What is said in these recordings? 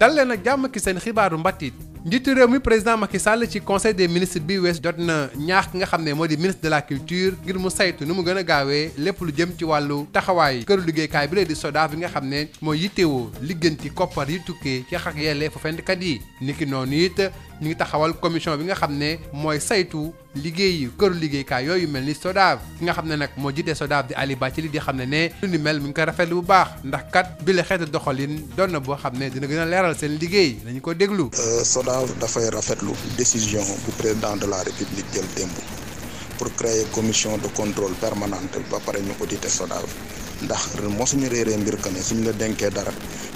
dal leen ak jàmm ki seen xibaaru mbàttit njiitu réew mi président Macky Sall ci conseil des ministre bi wees jot na ñaax ki nga xam ne moo di ministre de la culture ngir mu saytu ni mu gën a gaawee lépp lu jëm ci wàllu taxawaay këru liggéeykaay bi lee di SODAV bi nga xam ne mooy yittewoo liggéenti koppar yi tukkee ci xaq yellee fu fendkat yi niki noonu it ñu ngi taxawal commission bi nga xam ne mooy saytu liggéey yu këru liggéeykaay yooyu mel ni SODAV ki nga xam ne nag moo jiite SODAV di ci Bathily di xam ne ne lu ni mel mi ngi ko rafetlu bu baax ndax kat bi la xeetu doxalin doon na boo xam ne dina gën a leeral seen liggéey nañu ko déglu. Euh, SODAV dafay rafetlu décision bu président de la république jël démb pour créer commission de contrôle permanente ba pare ñu auditer SODAV. ndax mosuñu réeree mbir ko ne suñ la denkee dara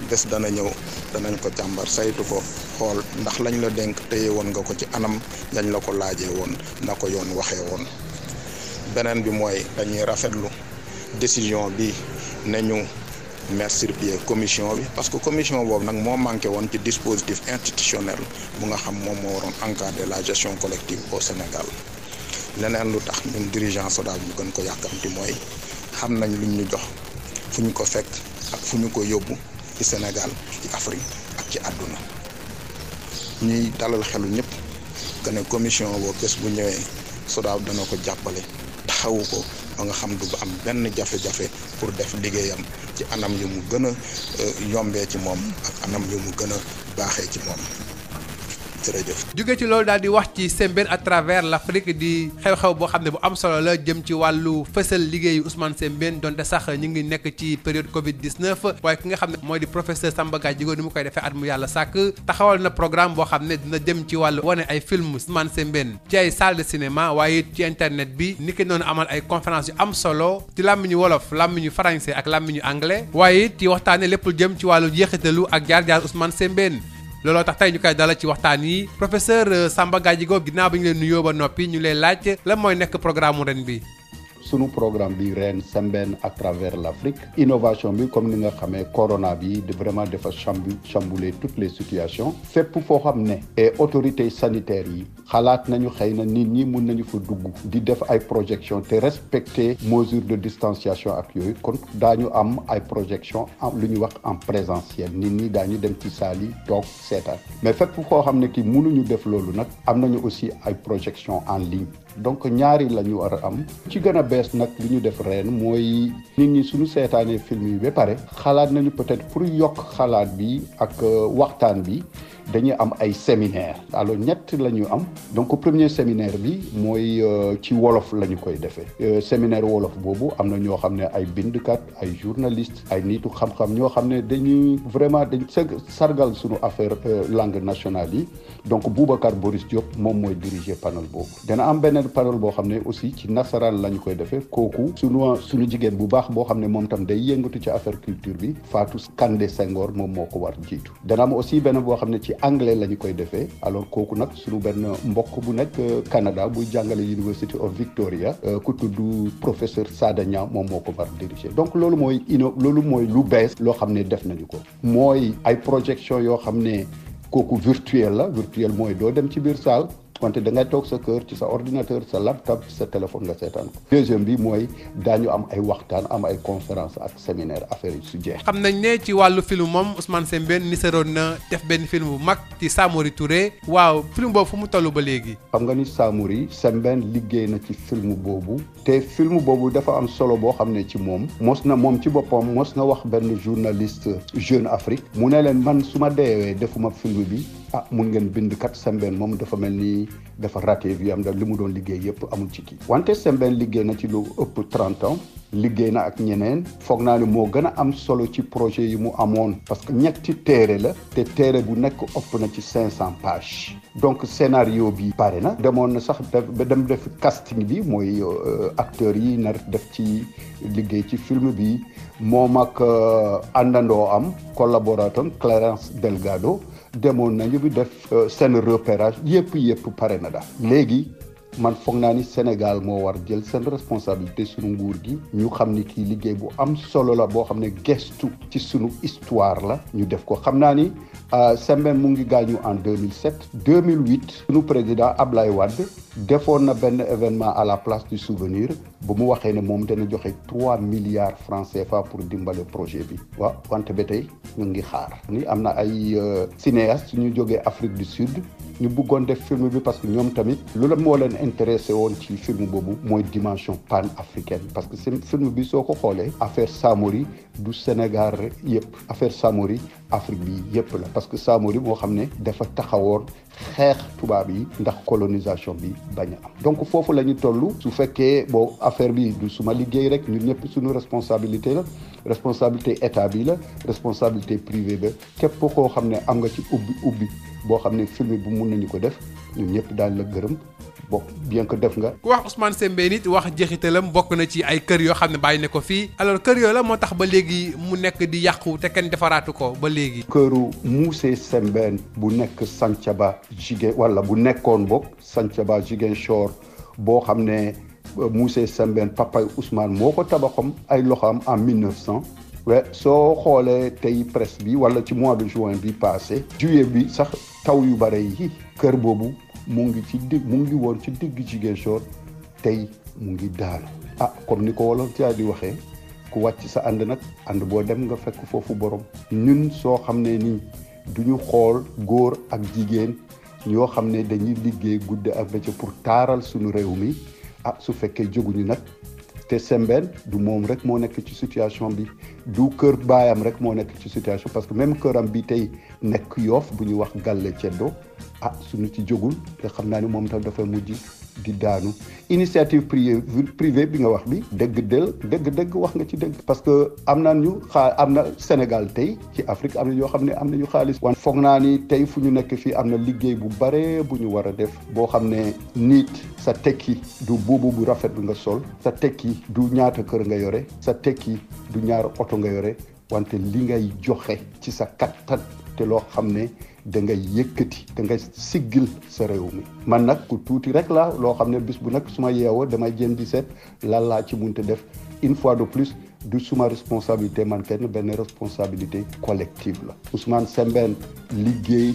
bés dana ñëw danañ ko càmbar saytu ko xool ndax lañu la denk téye woon nga ko ci anam yañ la ko laajee woon na ko yoon waxee woon beneen bi mooy dañuy rafetlu décision bi ne ñu mettre sur pied commission bi parce que commission boobu nag moo manqué woon ci dispositif institutionnel bu nga xam moom moo waroon encadrer la gestion collective au Sénégal leneen lu tax ñun dirigeant SODAV ñu gën ko yàkkamti mooy am nañ luñ ñu jox fu ñu ko fekk ak fu ñu ko yóbbu ci Sénégal ci Afrique ak ci àdduna ñuy dalal xelu ñëpp que ne commission boo bés bu ñëwee SODAV dana ko jàppale taxawu ko ba nga xam du am benn jafe-jafe pour def liggéeyam ci anam yi mu gën a euh, yombee ci moom ak anam yu mu gën a baaxee ci moom. jërëjëf. jóge ci loolu daal di wax ci Sembène a travers l'Afrique di xew-xew boo xam ne bu am solo la jëm ci wàllu fësal liggéeyu Ousmane Sembène donte sax ñu ngi nekk ci période Covid 19 waaye ki nga xam ne mooy di professeur Samba Gadjigo ni mu koy defee at mu yàlla sàkk taxawal na programme boo xam ne dina jëm ci wàllu wane ay film Ousmane Sembène ci ay salle de cinéma waaye ci internet bi ni ki noonu amal ay conférence yu am solo ci làmmiñu wolof làmmiñu français ak làmmiñu anglais waaye ci waxtaane lépp jëm ci wàllu jeexitalu ak jaar-jaar Ousmane Sembène looloo tax tey ñu koy dalal ci waxtaan yi professeur euh, Samba Gadjigo ginnaaw bi ñu leen nuyoo ba noppi ñu lay laaj lan mooy nekk programme ren bi sunu programme bi ren sembeen à travers l' Afrique innovation bi comme ni nga xamee corona bi vraiment dafa chambu chambouler toutes les situations fépp foo xam ne et autorités sanitaires yi xalaat nañu xëy na nit ñi mun nañu fa dugg di def ay projection te respecter mesures de distanciation ak yooyu kon daañu am ay projection lu ñu wax en présentiel nit ñi daañu dem ci saal toog seetaan mais fépp foo xam ne ki mënuñu def loolu nag am nañu aussi ay projection en ligne donc ñaari la ñu war a am ci gën a bees nag li ñu def reen mooy nit ñi suñu seetaanee film yi ba pare xalaat nañu peut-être pour yokk xalaat bi ak euh, waxtaan bi dañuy am ay séminaire alors ñett la ñu am donc premier séminaire bi mooy euh, ci wolof la ñu koy defee euh, séminaire wolof boobu am na ñoo xam ne ay bindkat ay journaliste ay niitu xam-xam ñoo xam ne dañuy vraiment dañ sargal suñu affaire euh, langue nationale yi donc Boubacar Boris Diop moom mooy diriger panel boobu dana am beneen panel boo xam ne aussi ci nasaraan la ñu koy defee kooku suñu suñu jigéen bu baax boo xam ne moom tam day yëngatu ci affaire culture bi Fatou Kandé Senghor moom moo ko war jiitu ci anglais la ñu koy defee alors kooku nag suñu benn mbokk bu nekk euh, Canada buy jàngale University of Victoria euh, ku tudd professeur Sada Niang moom moo ko war diriger donc loolu mooy ino loolu mooy lu bees loo xam ne def nañu ko mooy ay projection yoo xam ne kooku virtuel la virtuel mooy doo dem ci biir saal wante da ngay toog sa kër ci sa ordinateur sa laptop ci sa téléphone nga seetaan ko deuxième bi mooy daañu am ay waxtaan am ay conférence ak séminaire affaire yi su jeex xam nañ nee ci wàllu film moom Ousmane Sembène niseroon na def benn film bu mag ci Samori Touré waaw film boobu fu mu toll ba léegi xam nga ni Samori Sembène liggéey na ci film boobu te film boobu dafa am solo boo xam ne ci moom mos na moom ci boppam mos na wax benn journaliste Jeune Afrique mu ne leen man su ma deewee defuma film bi ah mun ngeen bind kat Sembène moom dafa mel ni dafa raté bi am da li mu doon liggéey yëpp amul ci kii wante Sembène liggéey na ci lu ëpp 30 ans liggéey na ak ñeneen foog naa ne moo gën a am solo ci projet yi mu amoon parce que ñetti téere la te téere bu nekk ëpp na ci 500 pages donc scénario bi pare na demoon na sax dem def casting bi mooy euh, acteur yi nar def ci liggéey ci film bi moom ak euh, àndandoo am collaborateur Clarence Delgado demoon nañu bi def euh, seen repérage yëpp yëpp pare na daal léegi man foog naa ni Sénégal moo war jël seen responsabilité sunu nguur gi ñu xam ni kii liggéey bu am solo la boo xam ne gestu ci sunu histoire la ñu def ko xam naa ni euh, Sembène mu ngi gaañu en 2007 2008 sunu président Ablaye Wade defoon na benn événement à la place du souvenir bu mu waxee ne moom dana joxe 3 milliards francs fa pour dimbale projet bi waaw wante ba tey ñu ngi xaar ni am na ay euh, cinéastes ñu jógee Afrique du Sud ñu bëggoon def film bi parce que ñoom tamit lu la moo leen intéressé woon ci film boobu mooy dimension africain parce que seen film bi soo ko xoolee affaire Samori du Sénégal yëpp affaire Samori Afrique bi yëpp la parce que Samori moo xam ne dafa taxawoon xeex tubaab yi ndax colonisation bi bañ am donc foofu la ñu toll su fekkee boo affaire bi suma liggéey rek ñun ñëpp suñu responsabilité la responsabilité état bi la responsabilité privée ba képp koo xam ne am nga ci ubbi ubbi boo xam ne film bu mun nañu ko def ñun ñëpp daan la gërëm bokk bien que def nga. ku wax Ousmane Sembène nit wax jeexitalam bokk na ci ay kër yoo xam ne bàyyi ne ko fii alors kër yooyu la moo tax ba léegi mu nekk di yàqu te kenn defaraatu ko ba léegi. këru Moussé Sembène bu nekk sancaba Jigéen wala bu nekkoon bokk Santhiaba Ziguinchor boo xam ne euh, Moussé Sembène papay Ousmane moo ko tabaxam ay loxoom en 1900. we soo xoolee tey presse bi wala ci mois de juin bi passé juillet bi sax taw yu bare yi kër boobu mu ngi ci digg mu ngi woon ci digg Ziguinchor tey mu ngi daanu ah comme ni ko wolof caa di waxee ku wàcc sa ànd nag ànd boo dem nga fekk foofu borom ñun soo xam ne nii duñu xool góor ak jigéen ñoo xam ne dañuy liggéey gudde ak bëccëg pour taaral suñu réew mi ah su fekkee jóguñu nag te Sembène du moom rek moo nekk ci situation bi du kër baayam rek moo nekk ci situation parce que même këram bi tey nekk yoof bu ñuy wax Galle Ceddo ah suñu ci jógul te xam naa ni moom tam dafa mujj di daanu initiative privée bi nga wax bi dëgg dëgg dëgg wax nga ci dëgg parce que am na ñu xaa am na Sénégal tey ci Afrique am na yoo xam ne am nañu xaalis wan foog naa ni tey fu ñu nekk fii am na liggéey bu baree bu ñu war a def boo xam ne nit sa tekki du buubu bu rafet bi nga sol sa tekki du ñaata kër nga yore sa tekki du ñaar oto nga yore wante li ngay joxe ci sa kattan te loo xam ne da ngay yëkkati da nga siggil sa réew mi man nag ku tuuti rek la loo xam ne bis bu nag suma ma yeewoo damay jéem di seet lan laa ci munte def une fois de plus du suma responsabilité man kenn benn responsabilité collective la Ousmane Sembène liggéey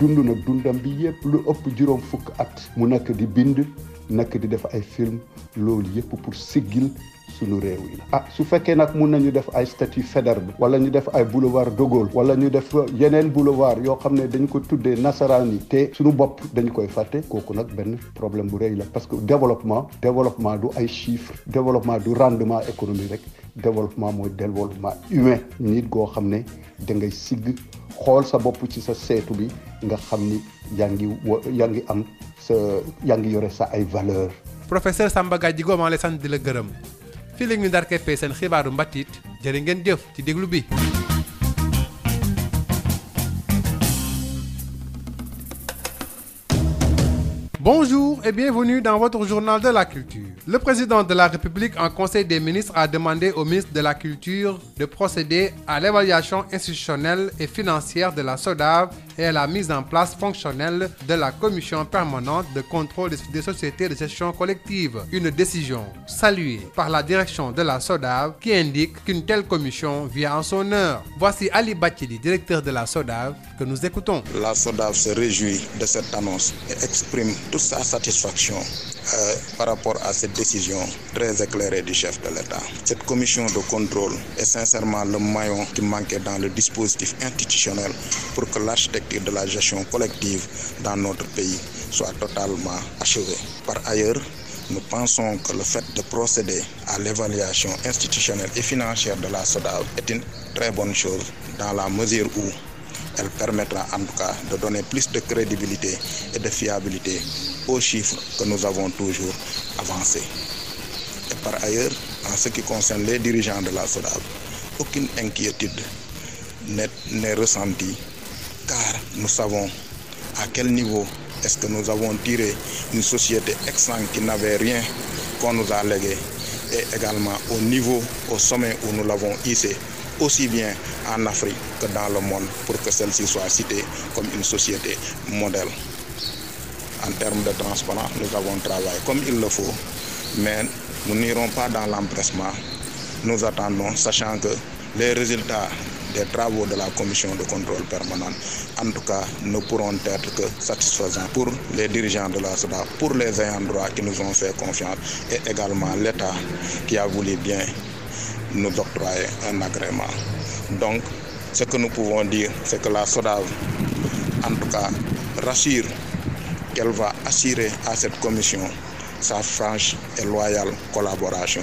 dund na dundam bi yëpp lu ëpp juróom fukk at mu nekk di bind nekk di def ay film loolu yëpp pour siggil suñu réew yi ah su fekkee nag mun ñu def ay statue Faidherbe bi wala ñu def ay boulevard de Gaulle wala ñu def yeneen boulevard yoo xam ne dañ ko tuddee nasaraan yi te suñu bopp dañu koy fàtte kooku nag benn problème bu rëy la parce que développement développement du ay chiffres développement du rendement économie rek développement mooy développement humain nit goo xam ne da ngay sigg xool sa bopp ci sa seetu bi nga xam ni yaa ngi yaa ngi am sa yaa ngi yore sa ay valeur professeur Samba Gadjigo maa lay di la gërëm fii léegi ñu ndar keppee seen xibaaru mbàttiit jërë ngeen jëf ci déglu bi Bonjour et bienvenue dans votre journal de la culture. Le président de la République en Conseil des ministres a demandé au ministre de la Culture de procéder à l'évaluation institutionnelle et financière de la SODAV et à la mise en place fonctionnelle de la commission permanente de contrôle des sociétés de gestion collective. Une décision saluée par la direction de la SODAV qui indique qu'une telle commission vient en son heure. Voici Ali Bachili, directeur de la SODAV, que nous écoutons. La SODAV se réjouit de cette annonce et exprime toute sa satisfaction euh, par rapport à cette décision très éclairée du chef de l'État. Cette commission de contrôle est sincèrement le maillon qui manquait dans le dispositif institutionnel pour que l'architecture de la gestion collective dans notre pays soit totalement achevée. Par ailleurs, nous pensons que le fait de procéder à l'évaluation institutionnelle et financière de la SODAV est une très bonne chose dans la mesure où elle permettra en tout cas de donner plus de crédibilité et aux chiffres que nous avons toujours avancés. Et par ailleurs, en ce qui concerne les dirigeants de la SODAV, aucune inquiétude n'est ressentie car nous savons à quel niveau est-ce que nous avons tiré une société exsangue qui n'avait rien qu'on nous a légué et également au niveau, au sommet où nous l'avons hissé, aussi bien en Afrique que dans le monde, pour que celle-ci soit citée comme une société modèle. en de transparence, nous avons travaillé comme il le faut, mais nous n'irons pas dans l'empressement. Nous attendons, sachant que les résultats des travaux de la commission de contrôle permanente, en tout cas, ne pourront être que satisfaisants pour les dirigeants de la SODA, pour les ayants droit qui nous ont fait confiance et également l'État qui a voulu bien nous octroyer un agrément. Donc, ce que nous pouvons dire, c'est que la SODA, en tout cas, rassure qu'elle va assurer à cette commission sa franche et loyale collaboration.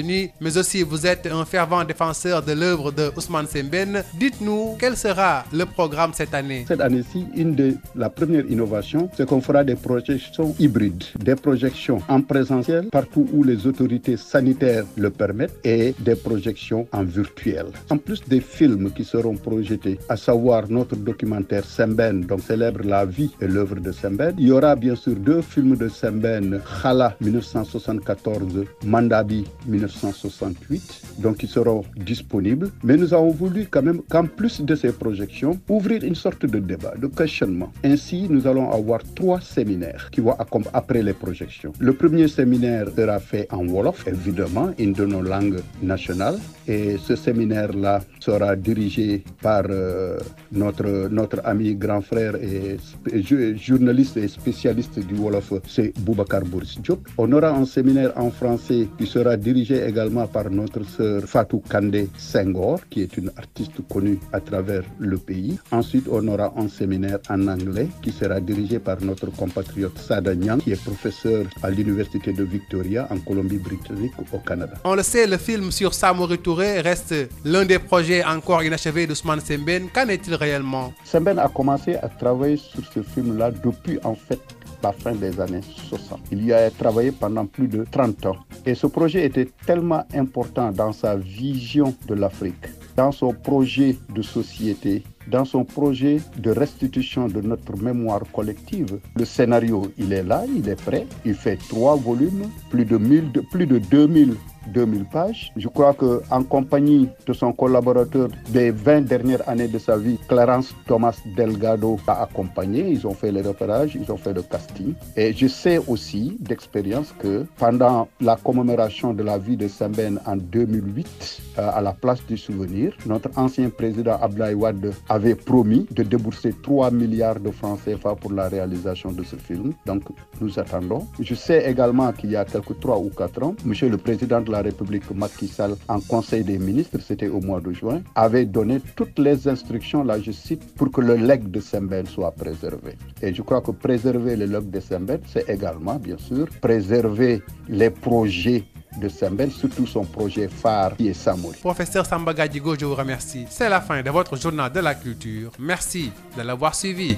États-Unis, mais aussi vous êtes un fervent défenseur de l'œuvre de Ousmane Sembène. de la première innovation, c'est qu'on fera les autorités sanitaires le permettent et des projections en virtuel. En plus des films qui seront à savoir notre documentaire Sembène, donc célèbre la vie et l'œuvre de Sembène, il y aura bien sûr deux 1968, donc qui seront disponibles. Mais nous avons voulu quand même qu'en plus de ces projections, ouvrir une sorte de débat, de questionnement. Ainsi, nous allons avoir trois séminaires qui vont accompagner après les projections. Le premier séminaire sera fait en Wolof, évidemment, une de nos langues nationales. Et ce séminaire-là sera dirigé par euh, notre, notre ami grand frère et, et journaliste et spécialiste du Wolof, c'est Boubacar Bourse Diop. On aura un séminaire en français qui sera dirigé porté également par notre sœur Fatou Kandé Senghor, qui est une artiste connue à travers le pays. Ensuite, on aura un séminaire en anglais qui sera dirigé par notre compatriote Sada qui est professeur à l'Université de Victoria en Colombie-Britannique au Canada. On le sait, le film sur Samori Touré reste l'un des projets encore inachevés d'Ousmane Sembène. Qu'en est-il réellement Sembène a commencé à travailler sur ce film-là depuis en fait la fin des années 60. Il y a travaillé pendant plus de 30 ans. Et ce projet était tellement important dans sa vision de l'Afrique, dans son projet de société dans son projet de restitution de notre mémoire collective. Le scénario, il est est prêt. Il fait trois volumes, plus de, 1000, plus de 2000 2000 pages. Je crois que en compagnie de son collaborateur des 20 dernières années de sa vie, Clarence Thomas Delgado a accompagné. Ils ont fait les repérages, ils ont fait le casting. Et je sais aussi d'expérience que pendant la commémoration de la vie de Sembène en 2008, euh, à la place du souvenir, notre ancien président Abdoulaye Wade avait promis de débourser 3 milliards de francs CFA pour la réalisation de ce film. Donc nous attendons. Je sais également qu'il y a quelques la République Macky Sall en Conseil des ministres, c'était au mois de juin, avait donné toutes les instructions, là je pour que le legs de Sembène soit préservé. Et je crois que préserver le legs de Sembène, c'est également, bien sûr, préserver les projets de Sembène, surtout son projet phare qui est Samouri. Professeur Samba Gadjigo, je vous remercie. C'est la fin de votre journal de la culture. Merci de l'avoir suivi.